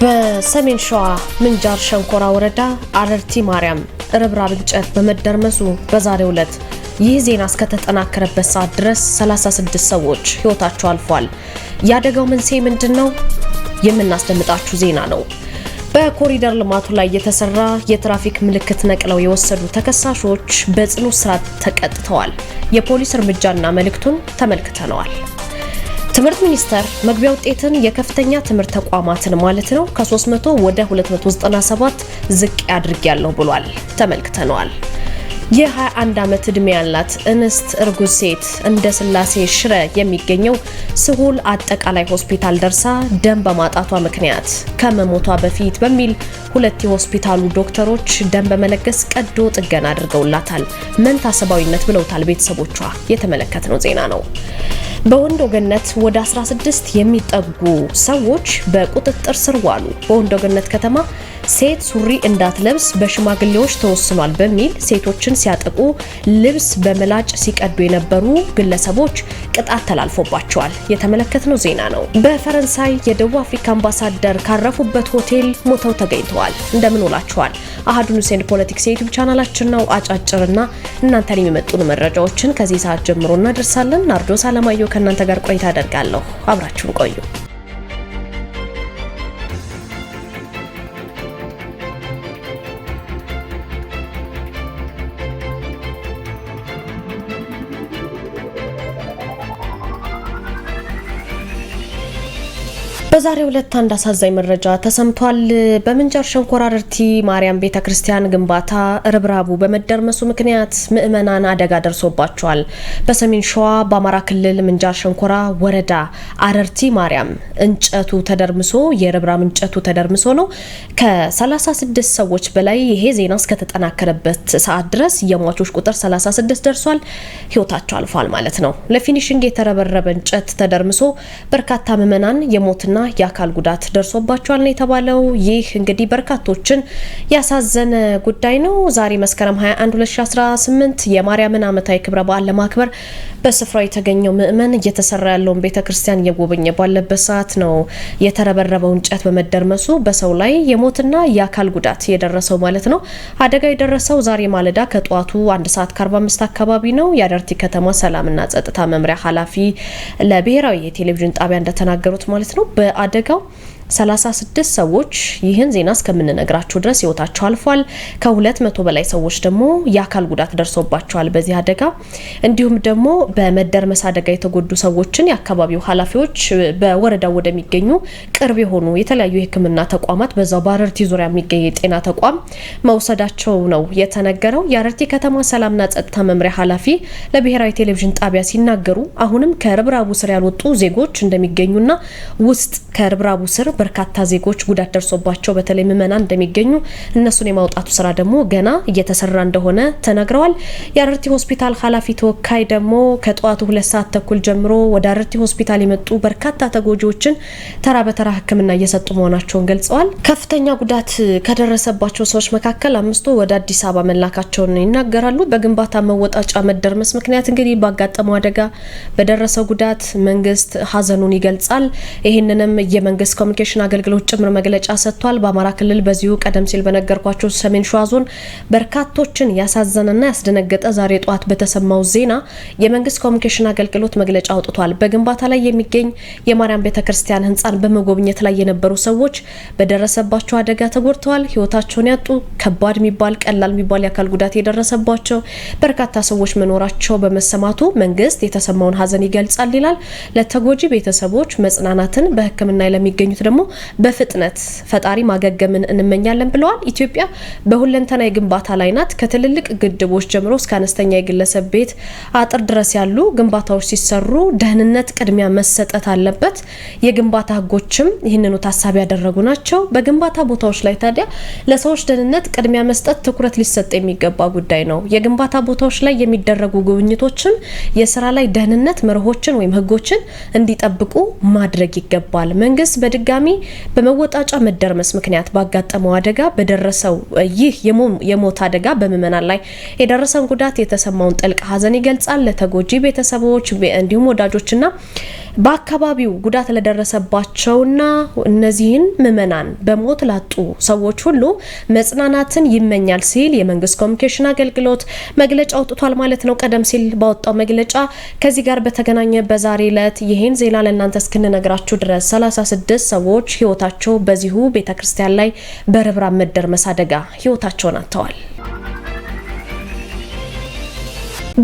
በሰሜን ሸዋ ምንጃር ሸንኮራ ወረዳ አረርቲ ማርያም ርብራብ እንጨት በመደርመሱ በዛሬው ዕለት ይህ ዜና እስከተጠናከረበት ሰዓት ድረስ 36 ሰዎች ሕይወታቸው አልፏል። የአደጋው መንስኤ ምንድን ነው? የምናስደምጣችሁ ዜና ነው። በኮሪደር ልማቱ ላይ የተሰራ የትራፊክ ምልክት ነቅለው የወሰዱ ተከሳሾች በጽኑ እስራት ተቀጥተዋል። የፖሊስ እርምጃና መልእክቱን ተመልክተነዋል። ትምህርት ሚኒስቴር መግቢያ ውጤትን የከፍተኛ ትምህርት ተቋማትን ማለት ነው ከ300 ወደ 297 ዝቅ ያድርግ ያለው ብሏል። ተመልክተነዋል። የ21 ዓመት ዕድሜ ያላት እንስት እርጉዝ ሴት እንደ ስላሴ ሽረ የሚገኘው ስሁል አጠቃላይ ሆስፒታል ደርሳ ደም በማጣቷ ምክንያት ከመሞቷ በፊት በሚል ሁለት የሆስፒታሉ ዶክተሮች ደም በመለገስ ቀዶ ጥገና አድርገውላታል። መንታ ሰባዊነት ብለውታል ቤተሰቦቿ። የተመለከትነው ዜና ነው። በወንዶ ገነት ወደ 16 የሚጠጉ ሰዎች በቁጥጥር ስር ዋሉ። በወንዶ ገነት ከተማ ሴት ሱሪ እንዳትለብስ በሽማግሌዎች ተወስኗል በሚል ሴቶችን ሲያጠቁ ልብስ በመላጭ ሲቀዱ የነበሩ ግለሰቦች ቅጣት ተላልፎባቸዋል። የተመለከትነው ዜና ነው። በፈረንሳይ የደቡብ አፍሪካ አምባሳደር ካረፉበት ሆቴል ሞተው ተገኝተዋል። እንደምን ውላችኋል። አህዱን ኒውስ ፖለቲክስ የዩቲዩብ ቻናላችን ነው። አጫጭርና እናንተን የሚመጡን መረጃዎችን ከዚህ ሰዓት ጀምሮ እናደርሳለን። ናርዶስ አለማየሁ ከእናንተ ጋር ቆይታ አደርጋለሁ። አብራችሁን ቆዩ። በዛሬ ሁለት አንድ አሳዛኝ መረጃ ተሰምቷል። በምንጃር ሸንኮራ ርቲ ማርያም ቤተ ክርስቲያን ግንባታ ርብራቡ በመደርመሱ ምክንያት ምዕመናን አደጋ ደርሶባቸዋል። በሰሜን ሸዋ በአማራ ክልል ምንጃር ሸንኮራ ወረዳ አረርቲ ማርያም እንጨቱ ተደርምሶ የርብራብ እንጨቱ ተደርምሶ ነው ከ36 ሰዎች በላይ ይሄ ዜና እስከተጠናከረበት ሰዓት ድረስ የሟቾች ቁጥር 36 ደርሷል። ህይወታቸው አልፏል ማለት ነው። ለፊኒሽንግ የተረበረበ እንጨት ተደርምሶ በርካታ ምዕመናን የሞትና የአካል ጉዳት ደርሶባቸዋል ነው የተባለው። ይህ እንግዲህ በርካቶችን ያሳዘነ ጉዳይ ነው። ዛሬ መስከረም 21 2018 የማርያምን ዓመታዊ ክብረ በዓል ለማክበር በስፍራው የተገኘው ምዕመን እየተሰራ ያለውን ቤተ ክርስቲያን እየጎበኘ ባለበት ሰዓት ነው የተረበረበው እንጨት በመደርመሱ በሰው ላይ የሞትና የአካል ጉዳት የደረሰው ማለት ነው። አደጋ የደረሰው ዛሬ ማለዳ ከጠዋቱ 1 ሰዓት ከ45 አካባቢ ነው። የአደርቲ ከተማ ሰላምና ጸጥታ መምሪያ ኃላፊ ለብሔራዊ የቴሌቪዥን ጣቢያ እንደተናገሩት ማለት ነው በ አደጋው 36 ሰዎች ይህን ዜና እስከምንነግራችሁ ድረስ ህይወታቸው አልፏል። ከ200 በላይ ሰዎች ደግሞ የአካል ጉዳት ደርሶባቸዋል በዚህ አደጋ። እንዲሁም ደግሞ በመደርመስ አደጋ የተጎዱ ሰዎችን የአካባቢው ኃላፊዎች በወረዳው ወደሚገኙ ቅርብ የሆኑ የተለያዩ የህክምና ተቋማት በዛው በአረርቲ ዙሪያ የሚገኝ የጤና ተቋም መውሰዳቸው ነው የተነገረው። የአረርቲ ከተማ ሰላምና ጸጥታ መምሪያ ኃላፊ ለብሔራዊ ቴሌቪዥን ጣቢያ ሲናገሩ አሁንም ከርብራቡ ስር ያልወጡ ዜጎች እንደሚገኙና ውስጥ ከርብራቡ ስር በርካታ ዜጎች ጉዳት ደርሶባቸው በተለይ ምዕመናን እንደሚገኙ እነሱን የማውጣቱ ስራ ደግሞ ገና እየተሰራ እንደሆነ ተናግረዋል። የአረርቲ ሆስፒታል ኃላፊ ተወካይ ደግሞ ከጠዋቱ ሁለት ሰዓት ተኩል ጀምሮ ወደ አረርቲ ሆስፒታል የመጡ በርካታ ተጎጂዎችን ተራ በተራ ሕክምና እየሰጡ መሆናቸውን ገልጸዋል። ከፍተኛ ጉዳት ከደረሰባቸው ሰዎች መካከል አምስቱ ወደ አዲስ አበባ መላካቸውን ይናገራሉ። በግንባታ መወጣጫ መደርመስ ምክንያት እንግዲህ ባጋጠመው አደጋ በደረሰው ጉዳት መንግስት ሀዘኑን ይገልጻል። ይህንንም የመንግስት ኮሚኒኬሽን ኮሚኒኬሽን አገልግሎት ጭምር መግለጫ ሰጥቷል። በአማራ ክልል በዚሁ ቀደም ሲል በነገርኳቸው ሰሜን ሸዋ ዞን በርካቶችን ያሳዘነና ያስደነገጠ ዛሬ ጠዋት በተሰማው ዜና የመንግስት ኮሚኒኬሽን አገልግሎት መግለጫ አውጥቷል። በግንባታ ላይ የሚገኝ የማርያም ቤተ ክርስቲያን ህንፃን በመጎብኘት ላይ የነበሩ ሰዎች በደረሰባቸው አደጋ ተጎድተዋል። ህይወታቸውን ያጡ፣ ከባድ የሚባል ቀላል የሚባል የአካል ጉዳት የደረሰባቸው በርካታ ሰዎች መኖራቸው በመሰማቱ መንግስት የተሰማውን ሀዘን ይገልጻል ይላል። ለተጎጂ ቤተሰቦች መጽናናትን በህክምና ለሚገኙት ደግሞ ደግሞ በፍጥነት ፈጣሪ ማገገምን እንመኛለን ብለዋል። ኢትዮጵያ በሁለንተና የግንባታ ላይ ናት። ከትልልቅ ግድቦች ጀምሮ እስከ አነስተኛ የግለሰብ ቤት አጥር ድረስ ያሉ ግንባታዎች ሲሰሩ ደህንነት ቅድሚያ መሰጠት አለበት። የግንባታ ህጎችም ይህንኑ ታሳቢ ያደረጉ ናቸው። በግንባታ ቦታዎች ላይ ታዲያ ለሰዎች ደህንነት ቅድሚያ መስጠት ትኩረት ሊሰጥ የሚገባ ጉዳይ ነው። የግንባታ ቦታዎች ላይ የሚደረጉ ጉብኝቶችም የስራ ላይ ደህንነት መርሆችን ወይም ህጎችን እንዲጠብቁ ማድረግ ይገባል። መንግስት በድጋሚ በመወጣጫ መደርመስ ምክንያት ባጋጠመው አደጋ በደረሰው ይህ የሞት አደጋ በምዕመናን ላይ የደረሰውን ጉዳት የተሰማውን ጥልቅ ሐዘን ይገልጻል። ለተጎጂ ቤተሰቦች እንዲሁም ወዳጆችና በአካባቢው ጉዳት ለደረሰባቸውና እነዚህን ምዕመናን በሞት ላጡ ሰዎች ሁሉ መጽናናትን ይመኛል ሲል የመንግስት ኮሚኒኬሽን አገልግሎት መግለጫ አውጥቷል ማለት ነው። ቀደም ሲል ባወጣው መግለጫ ከዚህ ጋር በተገናኘ በዛሬ ዕለት ይህን ዜና ለእናንተ እስክንነግራችሁ ድረስ 36 ሰዎች ሰዎች ህይወታቸው በዚሁ ቤተ ክርስቲያን ላይ በርብራብ መደርመስ አደጋ ህይወታቸውን አጥተዋል።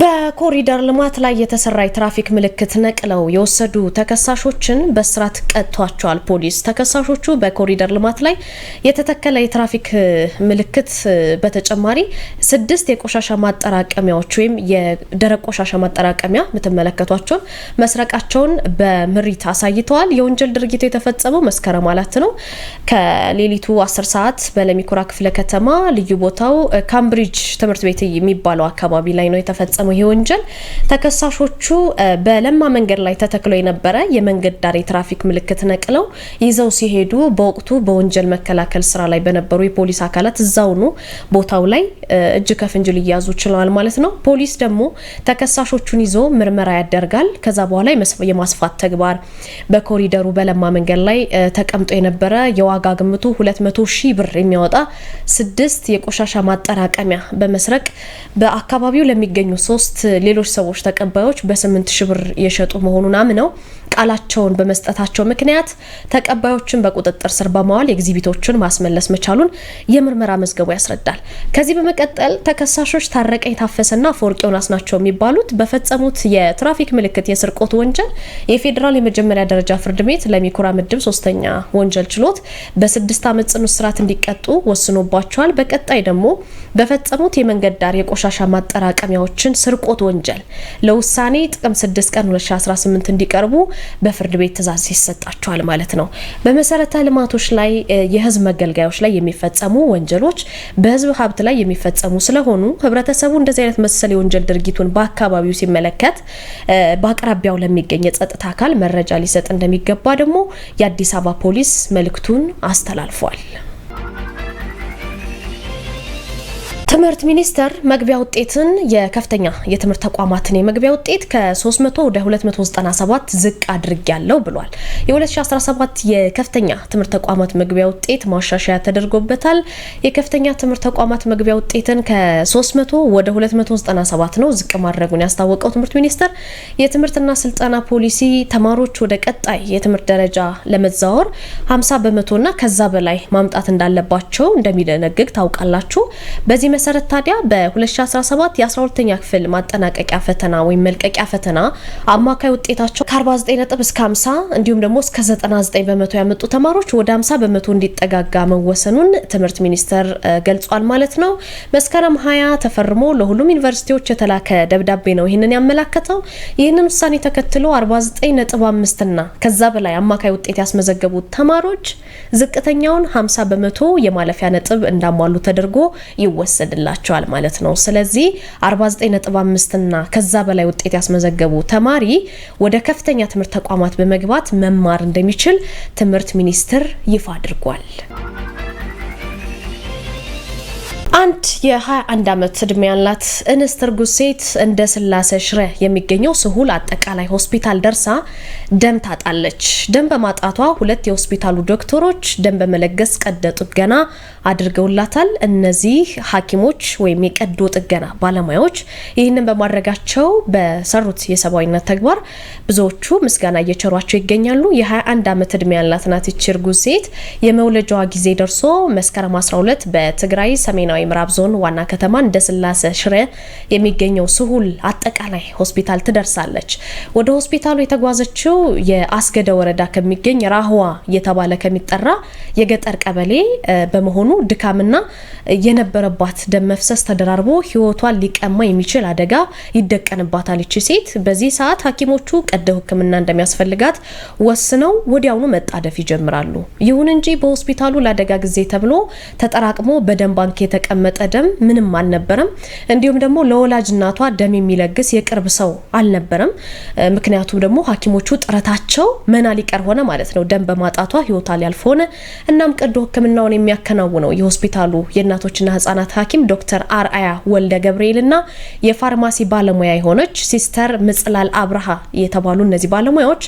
በኮሪደር ልማት ላይ የተሰራ የትራፊክ ምልክት ነቅለው የወሰዱ ተከሳሾችን በእስራት ቀጥቷቸዋል ፖሊስ። ተከሳሾቹ በኮሪደር ልማት ላይ የተተከለ የትራፊክ ምልክት በተጨማሪ ስድስት የቆሻሻ ማጠራቀሚያዎች ወይም የደረቅ ቆሻሻ ማጠራቀሚያ የምትመለከቷቸውን መስረቃቸውን በምሪት አሳይተዋል። የወንጀል ድርጊቱ የተፈጸመው መስከረም ማለት ነው ከሌሊቱ 10 ሰዓት በለሚኩራ ክፍለ ከተማ ልዩ ቦታው ካምብሪጅ ትምህርት ቤት የሚባለው አካባቢ ላይ ነው የተፈጸመው። በፈጸመው ይህ ወንጀል ተከሳሾቹ በለማ መንገድ ላይ ተተክሎ የነበረ የመንገድ ዳር የትራፊክ ምልክት ነቅለው ይዘው ሲሄዱ በወቅቱ በወንጀል መከላከል ስራ ላይ በነበሩ የፖሊስ አካላት እዛውኑ ቦታው ላይ እጅ ከፍንጅ ሊያዙ ችለዋል ማለት ነው። ፖሊስ ደግሞ ተከሳሾቹን ይዞ ምርመራ ያደርጋል። ከዛ በኋላ የማስፋት ተግባር በኮሪደሩ በለማ መንገድ ላይ ተቀምጦ የነበረ የዋጋ ግምቱ 200 ሺህ ብር የሚያወጣ ስድስት የቆሻሻ ማጠራቀሚያ በመስረቅ በአካባቢው ለሚገኙ ሶስት ሌሎች ሰዎች ተቀባዮች በስምንት ሺ ብር የሸጡ መሆኑን አምነው ቃላቸውን በመስጠታቸው ምክንያት ተቀባዮችን በቁጥጥር ስር በማዋል የግዚቢቶችን ማስመለስ መቻሉን የምርመራ መዝገቡ ያስረዳል። ከዚህ በመቀጠል ተከሳሾች ታረቀኝ ታፈሰና አፈወርቅ ዮናስ ናቸው የሚባሉት በፈጸሙት የትራፊክ ምልክት የስርቆት ወንጀል የፌዴራል የመጀመሪያ ደረጃ ፍርድ ቤት ለሚኩራ ምድብ ሶስተኛ ወንጀል ችሎት በስድስት ዓመት ጽኑ እስራት እንዲቀጡ ወስኖባቸዋል። በቀጣይ ደግሞ በፈጸሙት የመንገድ ዳር የቆሻሻ ማጠራቀሚያዎችን ስርቆት ወንጀል ለውሳኔ ጥቅም 6 ቀን 2018 እንዲቀርቡ በፍርድ ቤት ትዛዝ ይሰጣቸዋል ማለት ነው። በመሰረተ ልማቶች ላይ የህዝብ መገልገያዎች ላይ የሚፈጸሙ ወንጀሎች በህዝብ ሀብት ላይ የሚፈጸሙ ስለሆኑ ህብረተሰቡ እንደዚህ አይነት መሰል የወንጀል ድርጊቱን በአካባቢው ሲመለከት በአቅራቢያው ለሚገኝ የጸጥታ አካል መረጃ ሊሰጥ እንደሚገባ ደግሞ የአዲስ አበባ ፖሊስ መልእክቱን አስተላልፏል። ትምህርት ሚኒስቴር መግቢያ ውጤትን የከፍተኛ የትምህርት ተቋማትን የመግቢያ ውጤት ከ300 ወደ 297 ዝቅ ያለው ብሏል። የ2017 የከፍተኛ ትምህርት ተቋማት መግቢያ ውጤት ማሻሻያ ተደርጎበታል። የከፍተኛ ትምህርት ተቋማት መግቢያ ውጤትን ከ300 ወደ 297 ነው ዝቅ ማድረጉን ያስታወቀው ትምህርት ሚኒስቴር የትምህርትና ስልጠና ፖሊሲ ተማሪዎች ወደ ቀጣይ የትምህርት ደረጃ ለመዛወር 50 በመቶና ከዛ በላይ ማምጣት እንዳለባቸው እንደሚደነግግ ታውቃላችሁ። በዚህ መሰረት ታዲያ በ2017 የ12ኛ ክፍል ማጠናቀቂያ ፈተና ወይም መልቀቂያ ፈተና አማካይ ውጤታቸው ከ49 ነጥብ እስከ 50 እንዲሁም ደግሞ እስከ 99 በመቶ ያመጡ ተማሪዎች ወደ 50 በመቶ እንዲጠጋጋ መወሰኑን ትምህርት ሚኒስቴር ገልጿል ማለት ነው። መስከረም 20 ተፈርሞ ለሁሉም ዩኒቨርሲቲዎች የተላከ ደብዳቤ ነው ይህንን ያመላከተው። ይህንን ውሳኔ ተከትሎ 49 ነጥብ 5 እና ከዛ በላይ አማካይ ውጤት ያስመዘገቡ ተማሪዎች ዝቅተኛውን 50 በመቶ የማለፊያ ነጥብ እንዳሟሉ ተደርጎ ይወሰናል። ይወሰድላቸዋል ማለት ነው። ስለዚህ 49.5 እና ከዛ በላይ ውጤት ያስመዘገቡ ተማሪ ወደ ከፍተኛ ትምህርት ተቋማት በመግባት መማር እንደሚችል ትምህርት ሚኒስቴር ይፋ አድርጓል። አንድ የ21 ዓመት እድሜ ያላት እንስት እርጉዝ ሴት እንደ ስላሴ ሽረ የሚገኘው ስሁል አጠቃላይ ሆስፒታል ደርሳ ደም ታጣለች። ደም በማጣቷ ሁለት የሆስፒታሉ ዶክተሮች ደም በመለገስ ቀዶ ጥገና አድርገውላታል። እነዚህ ሐኪሞች ወይም የቀዶ ጥገና ባለሙያዎች ይህንን በማድረጋቸው በሰሩት የሰብአዊነት ተግባር ብዙዎቹ ምስጋና እየቸሯቸው ይገኛሉ። የ21 ዓመት እድሜ ያላት ናት ይቺ እርጉዝ ሴት የመውለጃዋ ጊዜ ደርሶ መስከረም 12 በትግራይ ሰሜናዊ ምዕራብ ዞን ዋና ከተማ እንደ ስላሴ ሽሬ የሚገኘው ስሁል አጠቃላይ ሆስፒታል ትደርሳለች። ወደ ሆስፒታሉ የተጓዘችው የአስገደ ወረዳ ከሚገኝ ራህዋ እየተባለ ከሚጠራ የገጠር ቀበሌ በመሆኑ ድካምና የነበረባት ደም መፍሰስ ተደራርቦ ህይወቷን ሊቀማ የሚችል አደጋ ይደቀንባታል። ይቺ ሴት በዚህ ሰዓት ሐኪሞቹ ቀዶ ሕክምና እንደሚያስፈልጋት ወስነው ወዲያውኑ መጣደፍ ይጀምራሉ። ይሁን እንጂ በሆስፒታሉ ለአደጋ ጊዜ ተብሎ ተጠራቅሞ በደም ባንክ የተቀ የተቀመጠ ደም ምንም አልነበረም። እንዲሁም ደግሞ ለወላጅ እናቷ ደም የሚለግስ የቅርብ ሰው አልነበረም። ምክንያቱም ደግሞ ሐኪሞቹ ጥረታቸው መና ሊቀር ሆነ ማለት ነው። ደም በማጣቷ ህይወቷ ሊያልፍ ሆነ። እናም ቀዶ ህክምናውን የሚያከናውነው የሆስፒታሉ የእናቶችና ህጻናት ሐኪም ዶክተር አርአያ ወልደ ገብርኤልና የፋርማሲ ባለሙያ የሆነች ሲስተር ምጽላል አብርሃ የተባሉ እነዚህ ባለሙያዎች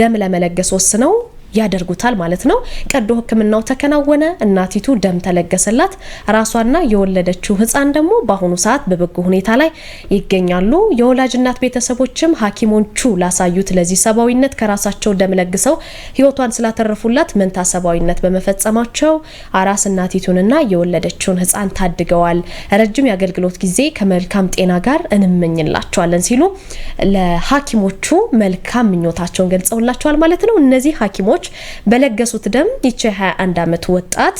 ደም ለመለገስ ወስነው ያደርጉታል ማለት ነው። ቀዶ ህክምናው ተከናወነ። እናቲቱ ደም ተለገሰላት። ራሷና የወለደችው ህፃን ደግሞ በአሁኑ ሰዓት በበጎ ሁኔታ ላይ ይገኛሉ። የወላጅ እናት ቤተሰቦችም ሐኪሞቹ ላሳዩት ለዚህ ሰብአዊነት ከራሳቸው ደም ለግሰው ህይወቷን ስላተረፉላት መንታ ሰብአዊነት በመፈጸማቸው አራስ እናቲቱንና የወለደችውን ህፃን ታድገዋል። ረጅም የአገልግሎት ጊዜ ከመልካም ጤና ጋር እንመኝላቸዋለን ሲሉ ለሐኪሞቹ መልካም ምኞታቸውን ገልጸውላቸዋል ማለት ነው። እነዚህ ሐኪሞች ቤተሰቦች በለገሱት ደም ይቺ 21 ዓመት ወጣት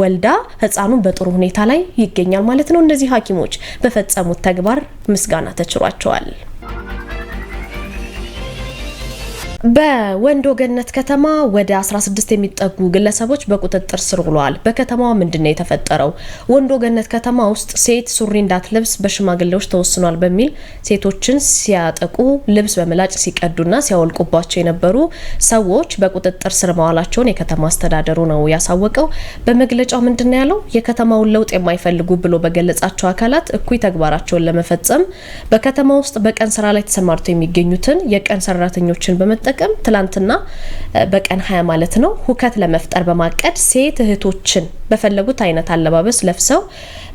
ወልዳ ህፃኑን በጥሩ ሁኔታ ላይ ይገኛል ማለት ነው። እነዚህ ሐኪሞች በፈጸሙት ተግባር ምስጋና ተችሯቸዋል። በወንዶ ገነት ከተማ ወደ 16 የሚጠጉ ግለሰቦች በቁጥጥር ስር ውለዋል። በከተማዋ ምንድነው የተፈጠረው? ወንዶ ገነት ከተማ ውስጥ ሴት ሱሪ እንዳትለብስ በሽማግሌዎች ተወስኗል በሚል ሴቶችን ሲያጠቁ፣ ልብስ በምላጭ ሲቀዱና ሲያወልቁባቸው የነበሩ ሰዎች በቁጥጥር ስር መዋላቸውን የከተማ አስተዳደሩ ነው ያሳወቀው። በመግለጫው ምንድነው ያለው? የከተማውን ለውጥ የማይፈልጉ ብሎ በገለጻቸው አካላት እኩይ ተግባራቸውን ለመፈጸም በከተማ ውስጥ በቀን ስራ ላይ ተሰማርተው የሚገኙትን የቀን ሰራተኞችን በመጠቀም በመጠቀም ትላንትና በቀን ሀያ ማለት ነው ሁከት ለመፍጠር በማቀድ ሴት እህቶችን በፈለጉት አይነት አለባበስ ለብሰው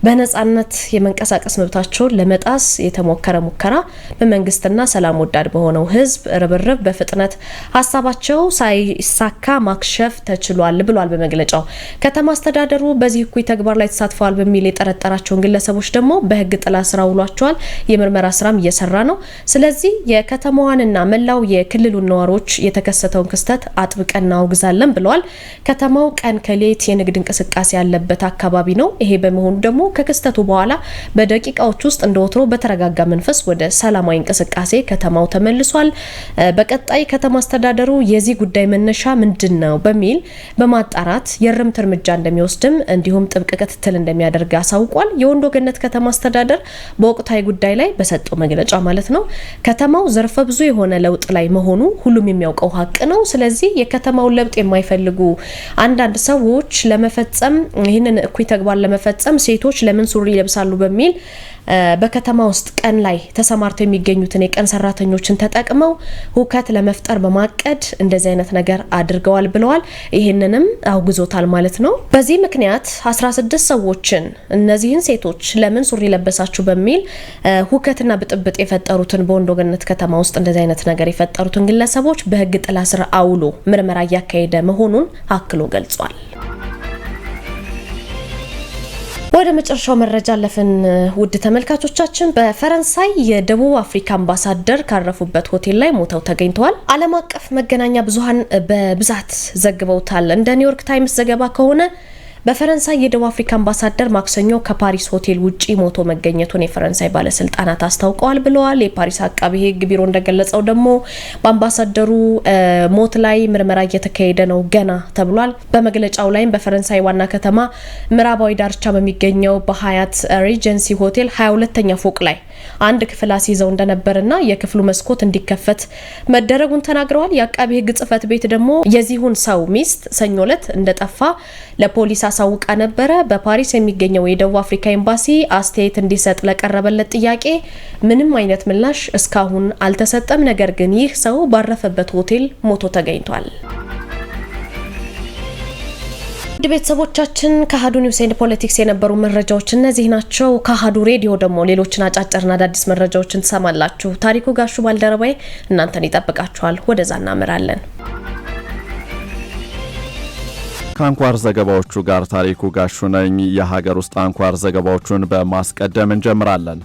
በነጻነት የመንቀሳቀስ መብታቸውን ለመጣስ የተሞከረ ሙከራ በመንግስትና ሰላም ወዳድ በሆነው ህዝብ ርብርብ በፍጥነት ሀሳባቸው ሳይሳካ ማክሸፍ ተችሏል ብሏል በመግለጫው። ከተማ አስተዳደሩ በዚህ እኩይ ተግባር ላይ ተሳትፈዋል በሚል የጠረጠራቸውን ግለሰቦች ደግሞ በህግ ጥላ ስራ ውሏቸዋል። የምርመራ ስራም እየሰራ ነው። ስለዚህ የከተማዋንና መላው የክልሉን ነዋሪዎች የተከሰተውን ክስተት አጥብቀን እናወግዛለን ብለዋል። ከተማው ቀን ከሌት የንግድ እንቅስቃሴ ያለበት አካባቢ ነው። ይሄ በመሆኑ ደግሞ ከክስተቱ በኋላ በደቂቃዎች ውስጥ እንደ ወትሮ በተረጋጋ መንፈስ ወደ ሰላማዊ እንቅስቃሴ ከተማው ተመልሷል። በቀጣይ ከተማ አስተዳደሩ የዚህ ጉዳይ መነሻ ምንድን ነው በሚል በማጣራት የእርምት እርምጃ እንደሚወስድም እንዲሁም ጥብቅ ክትትል እንደሚያደርግ አሳውቋል። የወንዶ ገነት ከተማ አስተዳደር በወቅታዊ ጉዳይ ላይ በሰጠው መግለጫ ማለት ነው ከተማው ዘርፈ ብዙ የሆነ ለውጥ ላይ መሆኑ ሁሉም የሚያውቀው ሀቅ ነው። ስለዚህ የከተማውን ለውጥ የማይፈልጉ አንዳንድ ሰዎች ለመፈጸም ይህንን እኩይ ተግባር ለመፈጸም ሴቶች ለምን ሱሪ ይለብሳሉ በሚል በከተማ ውስጥ ቀን ላይ ተሰማርተው የሚገኙትን የቀን ሰራተኞችን ተጠቅመው ሁከት ለመፍጠር በማቀድ እንደዚህ አይነት ነገር አድርገዋል ብለዋል። ይህንንም አውግዞታል ማለት ነው። በዚህ ምክንያት 16 ሰዎችን እነዚህን ሴቶች ለምን ሱሪ ለበሳችሁ በሚል ሁከትና ብጥብጥ የፈጠሩትን በወንዶ ገነት ከተማ ውስጥ እንደዚህ አይነት ነገር የፈጠሩትን ግለሰቦች በህግ ጥላ ስር አውሎ ምርመራ እያካሄደ መሆኑን አክሎ ገልጿል። ወደ መጨረሻው መረጃ አለፍን። ውድ ተመልካቾቻችን በፈረንሳይ የደቡብ አፍሪካ አምባሳደር ካረፉበት ሆቴል ላይ ሞተው ተገኝተዋል። ዓለም አቀፍ መገናኛ ብዙሃን በብዛት ዘግበውታል። እንደ ኒውዮርክ ታይምስ ዘገባ ከሆነ በፈረንሳይ የደቡብ አፍሪካ አምባሳደር ማክሰኞ ከፓሪስ ሆቴል ውጪ ሞቶ መገኘቱን የፈረንሳይ ባለስልጣናት አስታውቀዋል ብለዋል። የፓሪስ አቃቢ ሕግ ቢሮ እንደገለጸው ደግሞ በአምባሳደሩ ሞት ላይ ምርመራ እየተካሄደ ነው ገና ተብሏል። በመግለጫው ላይም በፈረንሳይ ዋና ከተማ ምዕራባዊ ዳርቻ በሚገኘው በሀያት ሬጀንሲ ሆቴል 22ኛ ፎቅ ላይ አንድ ክፍል አስይዘው እንደነበርና የክፍሉ መስኮት እንዲከፈት መደረጉን ተናግረዋል። የአቃቢ ሕግ ጽህፈት ቤት ደግሞ የዚሁን ሰው ሚስት ሰኞ ዕለት እንደጠፋ ለፖሊስ አሳውቃ ነበረ። በፓሪስ የሚገኘው የደቡብ አፍሪካ ኤምባሲ አስተያየት እንዲሰጥ ለቀረበለት ጥያቄ ምንም አይነት ምላሽ እስካሁን አልተሰጠም። ነገር ግን ይህ ሰው ባረፈበት ሆቴል ሞቶ ተገኝቷል። ውድ ቤተሰቦቻችን ከአሀዱ ኒውስ ኤንድ ፖለቲክስ የነበሩ መረጃዎች እነዚህ ናቸው። ከአሀዱ ሬዲዮ ደግሞ ሌሎችን አጫጭርና አዳዲስ መረጃዎችን ትሰማላችሁ። ታሪኩ ጋሹ ባልደረባይ እናንተን ይጠብቃችኋል። ወደዛ እናምራለን። ከአንኳር ዘገባዎቹ ጋር ታሪኩ ጋሹ ነኝ። የሀገር ውስጥ አንኳር ዘገባዎቹን በማስቀደም እንጀምራለን።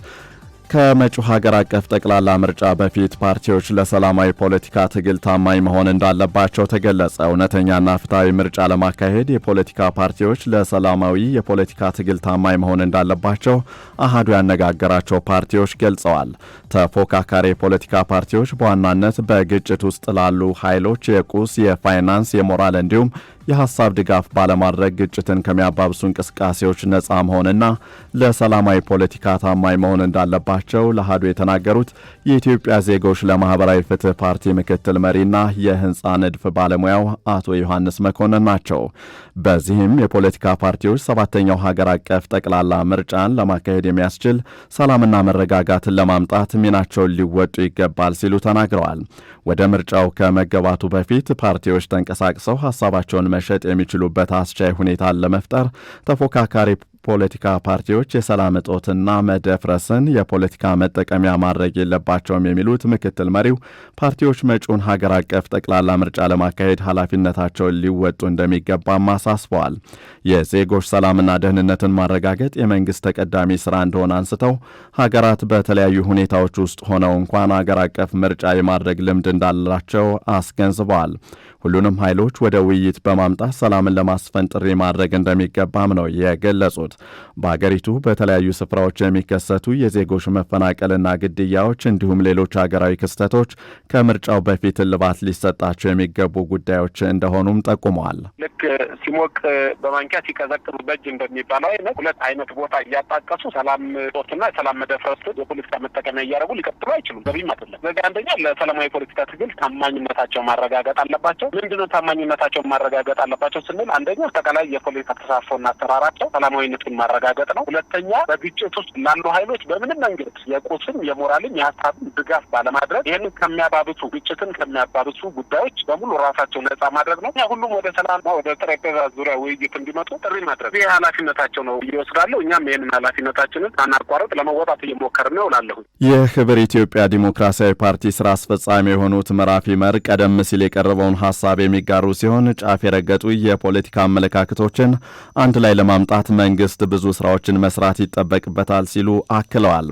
ከመጪው ሀገር አቀፍ ጠቅላላ ምርጫ በፊት ፓርቲዎች ለሰላማዊ ፖለቲካ ትግል ታማኝ መሆን እንዳለባቸው ተገለጸ። እውነተኛና ፍትሐዊ ምርጫ ለማካሄድ የፖለቲካ ፓርቲዎች ለሰላማዊ የፖለቲካ ትግል ታማኝ መሆን እንዳለባቸው አሃዱ ያነጋገራቸው ፓርቲዎች ገልጸዋል። ተፎካካሪ የፖለቲካ ፓርቲዎች በዋናነት በግጭት ውስጥ ላሉ ኃይሎች የቁስ፣ የፋይናንስ፣ የሞራል እንዲሁም የሐሳብ ድጋፍ ባለማድረግ ግጭትን ከሚያባብሱ እንቅስቃሴዎች ነጻ መሆንና ለሰላማዊ ፖለቲካ ታማኝ መሆን እንዳለባቸው ለአሃዱ የተናገሩት የኢትዮጵያ ዜጎች ለማኅበራዊ ፍትህ ፓርቲ ምክትል መሪና የህንፃ ንድፍ ባለሙያው አቶ ዮሐንስ መኮንን ናቸው። በዚህም የፖለቲካ ፓርቲዎች ሰባተኛው ሀገር አቀፍ ጠቅላላ ምርጫን ለማካሄድ የሚያስችል ሰላምና መረጋጋትን ለማምጣት ሚናቸውን ሊወጡ ይገባል ሲሉ ተናግረዋል። ወደ ምርጫው ከመገባቱ በፊት ፓርቲዎች ተንቀሳቅሰው ሀሳባቸውን መሸጥ የሚችሉበት አስቻይ ሁኔታን ለመፍጠር ተፎካካሪ ፖለቲካ ፓርቲዎች የሰላም እጦትና መደፍረስን የፖለቲካ መጠቀሚያ ማድረግ የለባቸውም የሚሉት ምክትል መሪው ፓርቲዎች መጪውን ሀገር አቀፍ ጠቅላላ ምርጫ ለማካሄድ ኃላፊነታቸውን ሊወጡ እንደሚገባም አሳስበዋል። የዜጎች ሰላምና ደህንነትን ማረጋገጥ የመንግስት ተቀዳሚ ስራ እንደሆነ አንስተው ሀገራት በተለያዩ ሁኔታዎች ውስጥ ሆነው እንኳን ሀገር አቀፍ ምርጫ የማድረግ ልምድ እንዳላቸው አስገንዝበዋል። ሁሉንም ኃይሎች ወደ ውይይት በማምጣት ሰላምን ለማስፈን ጥሪ ማድረግ እንደሚገባም ነው የገለጹት። በአገሪቱ በተለያዩ ስፍራዎች የሚከሰቱ የዜጎች መፈናቀልና ግድያዎች እንዲሁም ሌሎች ሀገራዊ ክስተቶች ከምርጫው በፊት እልባት ሊሰጣቸው የሚገቡ ጉዳዮች እንደሆኑም ጠቁመዋል። ልክ ሲሞቅ በማንኪያ ሲቀዘቅዝ በእጅ እንደሚባለው አይነት ሁለት አይነት ቦታ እያጣቀሱ ሰላም ጦትና የሰላም መደፍረሱ የፖለቲካ መጠቀሚያ እያደረጉ ሊቀጥሉ አይችሉም። ገቢም አይደለም። ስለዚህ አንደኛ ለሰላማዊ ፖለቲካ ትግል ታማኝነታቸው ማረጋገጥ አለባቸው። ምንድነው ታማኝነታቸውን ማረጋገጥ አለባቸው ስንል አንደኛ አጠቃላይ የፖለቲካ ተሳትፎና አሰራራቸው ሰላማዊነቱን ማረጋገጥ ነው። ሁለተኛ በግጭት ውስጥ ላሉ ኃይሎች በምንም መንገድ የቁስም የሞራልም የሀሳብም ድጋፍ ባለማድረግ ይህንን ከሚያባብሱ ግጭትን ከሚያባብሱ ጉዳዮች በሙሉ ራሳቸው ነጻ ማድረግ ነው። ሁሉም ወደ ሰላምና ወደ ጠረጴዛ ዙሪያ ውይይት እንዲመጡ ጥሪ ማድረግ ይህ ኃላፊነታቸው ነው ይወስዳሉ። እኛም ይህንን ኃላፊነታችንን አናቋረጥ ለመወጣት እየሞከርን ነው እላለሁ። የህብር ኢትዮጵያ ዲሞክራሲያዊ ፓርቲ ስራ አስፈጻሚ የሆኑት መራፊ መር ቀደም ሲል የቀረበውን ሀሳብ ሀሳብ የሚጋሩ ሲሆን ጫፍ የረገጡ የፖለቲካ አመለካከቶችን አንድ ላይ ለማምጣት መንግስት ብዙ ስራዎችን መስራት ይጠበቅበታል ሲሉ አክለዋል።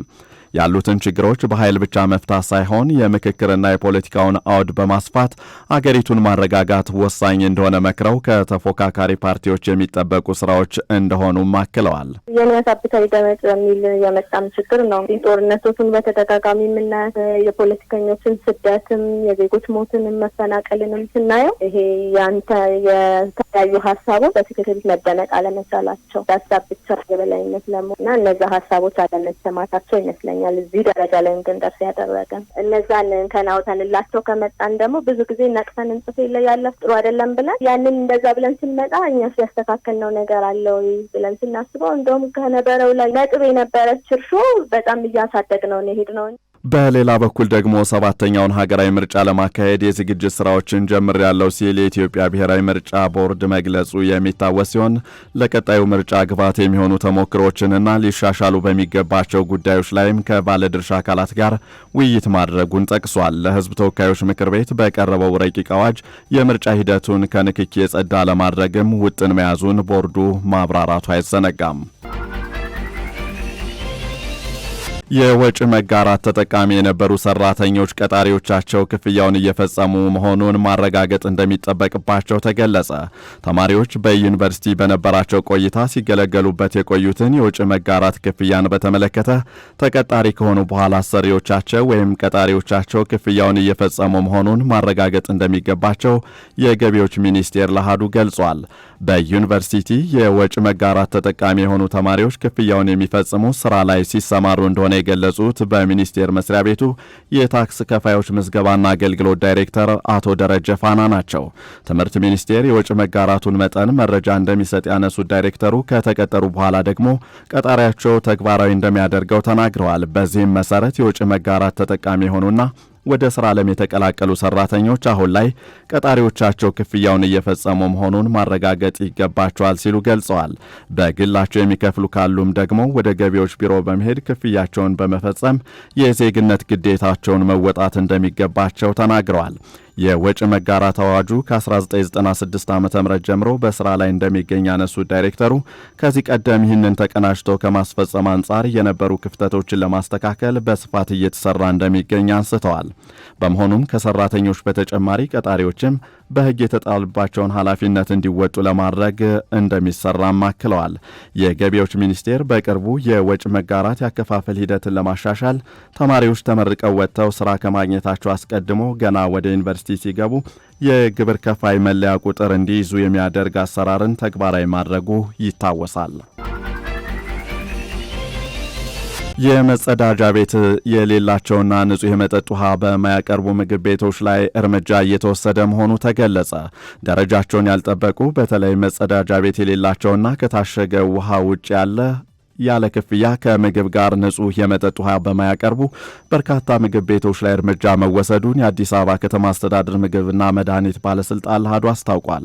ያሉትን ችግሮች በኃይል ብቻ መፍታት ሳይሆን የምክክርና የፖለቲካውን አውድ በማስፋት አገሪቱን ማረጋጋት ወሳኝ እንደሆነ መክረው ከተፎካካሪ ፓርቲዎች የሚጠበቁ ስራዎች እንደሆኑም አክለዋል። የሚያሳብተው ደመጥ በሚል የመጣም ችግር ነው። ጦርነቶቹን በተደጋጋሚ የምናያት የፖለቲከኞችን ስደትም የዜጎች ሞትንም መፈናቀልንም ስናየው ይሄ ያንተ የተለያዩ ሀሳቦች በትክክል መደመጥ አለመቻላቸው፣ በሀሳብ ብቻ የበላይነት ለመሆን እና እነዛ ሀሳቦች አለመሰማታቸው ይመስለኛል እዚህ ደረጃ ላይ እንድንደርስ ያደረገን። እነዛን ከናውተንላቸው ከመጣን ደግሞ ብዙ ጊዜ ነቅፈን እንጽፍ ይለያለፍ ጥሩ አይደለም ብለን ያንን እንደዛ ብለን ስንመጣ እኛ ያስተካከልነው ነገር አለው ብለን ስናስበው እንደውም ከነበረው ላይ ነጥብ የነበረች እርሾ በጣም እያሳደግ ነው ሄድ ነው። በሌላ በኩል ደግሞ ሰባተኛውን ሀገራዊ ምርጫ ለማካሄድ የዝግጅት ስራዎችን ጀምር ያለው ሲል የኢትዮጵያ ብሔራዊ ምርጫ ቦርድ መግለጹ የሚታወስ ሲሆን ለቀጣዩ ምርጫ ግብዓት የሚሆኑ ተሞክሮችንና ሊሻሻሉ በሚገባቸው ጉዳዮች ላይም ከባለድርሻ አካላት ጋር ውይይት ማድረጉን ጠቅሷል። ለሕዝብ ተወካዮች ምክር ቤት በቀረበው ረቂቅ አዋጅ የምርጫ ሂደቱን ከንክኪ የጸዳ ለማድረግም ውጥን መያዙን ቦርዱ ማብራራቱ አይዘነጋም። የወጪ መጋራት ተጠቃሚ የነበሩ ሰራተኞች ቀጣሪዎቻቸው ክፍያውን እየፈጸሙ መሆኑን ማረጋገጥ እንደሚጠበቅባቸው ተገለጸ። ተማሪዎች በዩኒቨርሲቲ በነበራቸው ቆይታ ሲገለገሉበት የቆዩትን የወጪ መጋራት ክፍያን በተመለከተ ተቀጣሪ ከሆኑ በኋላ አሰሪዎቻቸው ወይም ቀጣሪዎቻቸው ክፍያውን እየፈጸሙ መሆኑን ማረጋገጥ እንደሚገባቸው የገቢዎች ሚኒስቴር ለአሃዱ ገልጿል። በዩኒቨርሲቲ የወጪ መጋራት ተጠቃሚ የሆኑ ተማሪዎች ክፍያውን የሚፈጽሙ ስራ ላይ ሲሰማሩ እንደሆነ የገለጹት በሚኒስቴር መስሪያ ቤቱ የታክስ ከፋዮች ምዝገባና አገልግሎት ዳይሬክተር አቶ ደረጀ ፋና ናቸው። ትምህርት ሚኒስቴር የወጪ መጋራቱን መጠን መረጃ እንደሚሰጥ ያነሱት ዳይሬክተሩ ከተቀጠሩ በኋላ ደግሞ ቀጣሪያቸው ተግባራዊ እንደሚያደርገው ተናግረዋል። በዚህም መሰረት የወጪ መጋራት ተጠቃሚ የሆኑና ወደ ስራ ዓለም የተቀላቀሉ ሰራተኞች አሁን ላይ ቀጣሪዎቻቸው ክፍያውን እየፈጸሙ መሆኑን ማረጋገጥ ይገባቸዋል ሲሉ ገልጸዋል። በግላቸው የሚከፍሉ ካሉም ደግሞ ወደ ገቢዎች ቢሮ በመሄድ ክፍያቸውን በመፈጸም የዜግነት ግዴታቸውን መወጣት እንደሚገባቸው ተናግረዋል። የወጪ መጋራት አዋጁ ከ1996 ዓ ም ጀምሮ በስራ ላይ እንደሚገኝ ያነሱት ዳይሬክተሩ ከዚህ ቀደም ይህንን ተቀናጅተው ከማስፈጸም አንጻር የነበሩ ክፍተቶችን ለማስተካከል በስፋት እየተሰራ እንደሚገኝ አንስተዋል። በመሆኑም ከሰራተኞች በተጨማሪ ቀጣሪዎችም በህግ የተጣልባቸውን ኃላፊነት እንዲወጡ ለማድረግ እንደሚሰራም አክለዋል። የገቢዎች ሚኒስቴር በቅርቡ የወጭ መጋራት ያከፋፈል ሂደትን ለማሻሻል ተማሪዎች ተመርቀው ወጥተው ስራ ከማግኘታቸው አስቀድሞ ገና ወደ ዩኒቨርሲቲ ሲገቡ የግብር ከፋይ መለያ ቁጥር እንዲይዙ የሚያደርግ አሰራርን ተግባራዊ ማድረጉ ይታወሳል። የመጸዳጃ ቤት የሌላቸውና ንጹህ የመጠጥ ውሃ በማያቀርቡ ምግብ ቤቶች ላይ እርምጃ እየተወሰደ መሆኑ ተገለጸ። ደረጃቸውን ያልጠበቁ በተለይ መጸዳጃ ቤት የሌላቸውና ከታሸገ ውሃ ውጭ ያለ ያለ ክፍያ ከምግብ ጋር ንጹህ የመጠጥ ውሃ በማያቀርቡ በርካታ ምግብ ቤቶች ላይ እርምጃ መወሰዱን የአዲስ አበባ ከተማ አስተዳደር ምግብና መድኃኒት ባለስልጣን ለአሐዱ አስታውቋል።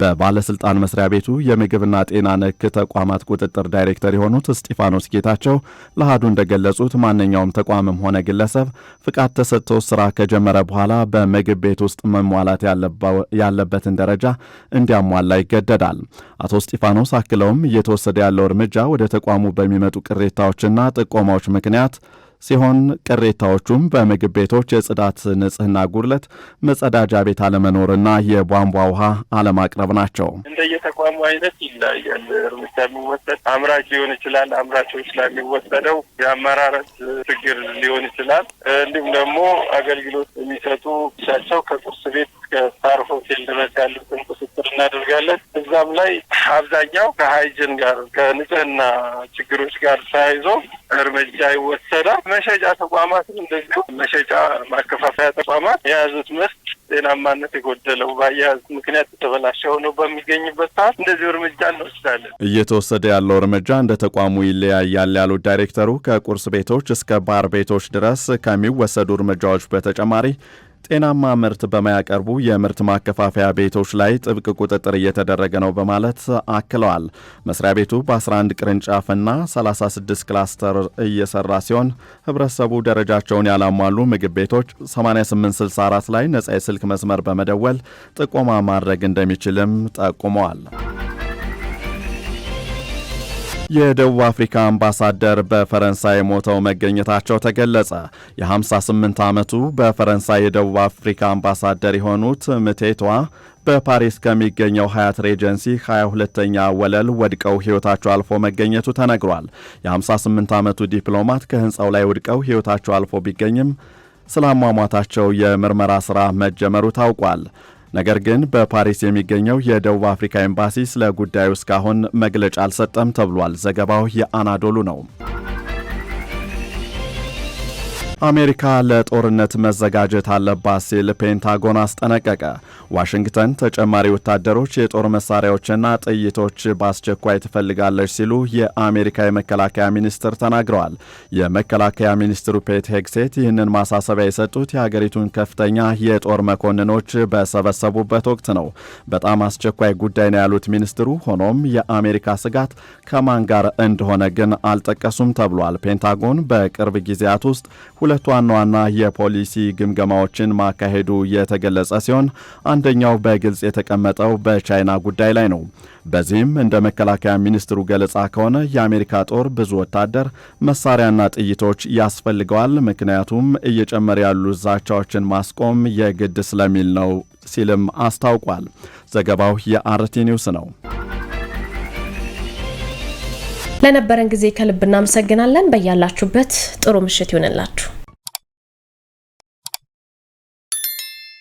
በባለስልጣን መስሪያ ቤቱ የምግብና ጤና ነክ ተቋማት ቁጥጥር ዳይሬክተር የሆኑት እስጢፋኖስ ጌታቸው ለአሐዱ እንደገለጹት ማንኛውም ተቋምም ሆነ ግለሰብ ፍቃድ ተሰጥቶ ስራ ከጀመረ በኋላ በምግብ ቤት ውስጥ መሟላት ያለበትን ደረጃ እንዲያሟላ ይገደዳል። አቶ እስጢፋኖስ አክለውም እየተወሰደ ያለው እርምጃ ወደ ተቋሙ በሚመጡ ቅሬታዎችና ጥቆማዎች ምክንያት ሲሆን ቅሬታዎቹም በምግብ ቤቶች የጽዳት ንጽህና ጉድለት፣ መጸዳጃ ቤት አለመኖርና የቧንቧ ውሃ አለማቅረብ ናቸው። እንደየተቋሙ አይነት ይለያል እርምጃ የሚወሰድ አምራች ሊሆን ይችላል። አምራቾች ላይ የሚወሰደው የአመራረት ችግር ሊሆን ይችላል። እንዲሁም ደግሞ አገልግሎት የሚሰጡ ቻቸው ከቁርስ ቤት ስታር ሆቴል ድረስ ያሉትን ቁስጥር እናደርጋለን። እዛም ላይ አብዛኛው ከሀይጅን ጋር ከንጽህና ችግሮች ጋር ተያይዞ እርምጃ ይወሰዳል። መሸጫ ተቋማትን እንደዚሁ መሸጫ ማከፋፈያ ተቋማት የያዙት ምርት ጤናማነት የጎደለው በአያያዝ ምክንያት የተበላሸ ሆኖ በሚገኝበት ሰዓት እንደዚሁ እርምጃ እንወስዳለን። እየተወሰደ ያለው እርምጃ እንደ ተቋሙ ይለያያል ያሉት ዳይሬክተሩ ከቁርስ ቤቶች እስከ ባር ቤቶች ድረስ ከሚወሰዱ እርምጃዎች በተጨማሪ ጤናማ ምርት በማያቀርቡ የምርት ማከፋፈያ ቤቶች ላይ ጥብቅ ቁጥጥር እየተደረገ ነው በማለት አክለዋል። መስሪያ ቤቱ በ11 ቅርንጫፍና 36 ክላስተር እየሰራ ሲሆን ህብረተሰቡ ደረጃቸውን ያላሟሉ ምግብ ቤቶች 8864 ላይ ነጻ የስልክ መስመር በመደወል ጥቆማ ማድረግ እንደሚችልም ጠቁመዋል። የደቡብ አፍሪካ አምባሳደር በፈረንሳይ ሞተው መገኘታቸው ተገለጸ። የ58 ዓመቱ በፈረንሳይ የደቡብ አፍሪካ አምባሳደር የሆኑት ምቴቷ በፓሪስ ከሚገኘው ሀያት ሬጀንሲ 22ኛ ወለል ወድቀው ሕይወታቸው አልፎ መገኘቱ ተነግሯል። የ58 ዓመቱ ዲፕሎማት ከህንፃው ላይ ወድቀው ሕይወታቸው አልፎ ቢገኝም ስለ አሟሟታቸው የምርመራ ሥራ መጀመሩ ታውቋል። ነገር ግን በፓሪስ የሚገኘው የደቡብ አፍሪካ ኤምባሲ ስለ ጉዳዩ እስካሁን መግለጫ አልሰጠም ተብሏል። ዘገባው የአናዶሉ ነው። አሜሪካ ለጦርነት መዘጋጀት አለባት ሲል ፔንታጎን አስጠነቀቀ። ዋሽንግተን ተጨማሪ ወታደሮች፣ የጦር መሳሪያዎችና ጥይቶች በአስቸኳይ ትፈልጋለች ሲሉ የአሜሪካ የመከላከያ ሚኒስትር ተናግረዋል። የመከላከያ ሚኒስትሩ ፔት ሄግሴት ይህንን ማሳሰቢያ የሰጡት የሀገሪቱን ከፍተኛ የጦር መኮንኖች በሰበሰቡበት ወቅት ነው። በጣም አስቸኳይ ጉዳይ ነው ያሉት ሚኒስትሩ፣ ሆኖም የአሜሪካ ስጋት ከማን ጋር እንደሆነ ግን አልጠቀሱም ተብሏል። ፔንታጎን በቅርብ ጊዜያት ውስጥ ሁለት ዋና ዋና የፖሊሲ ግምገማዎችን ማካሄዱ የተገለጸ ሲሆን አንድ አንደኛው በግልጽ የተቀመጠው በቻይና ጉዳይ ላይ ነው። በዚህም እንደ መከላከያ ሚኒስትሩ ገለጻ ከሆነ የአሜሪካ ጦር ብዙ ወታደር መሳሪያና ጥይቶች ያስፈልገዋል፣ ምክንያቱም እየጨመረ ያሉ ዛቻዎችን ማስቆም የግድ ስለሚል ነው ሲልም አስታውቋል። ዘገባው የአርቲ ኒውስ ነው። ለነበረን ጊዜ ከልብ እናመሰግናለን። በያላችሁበት ጥሩ ምሽት ይሆንላችሁ።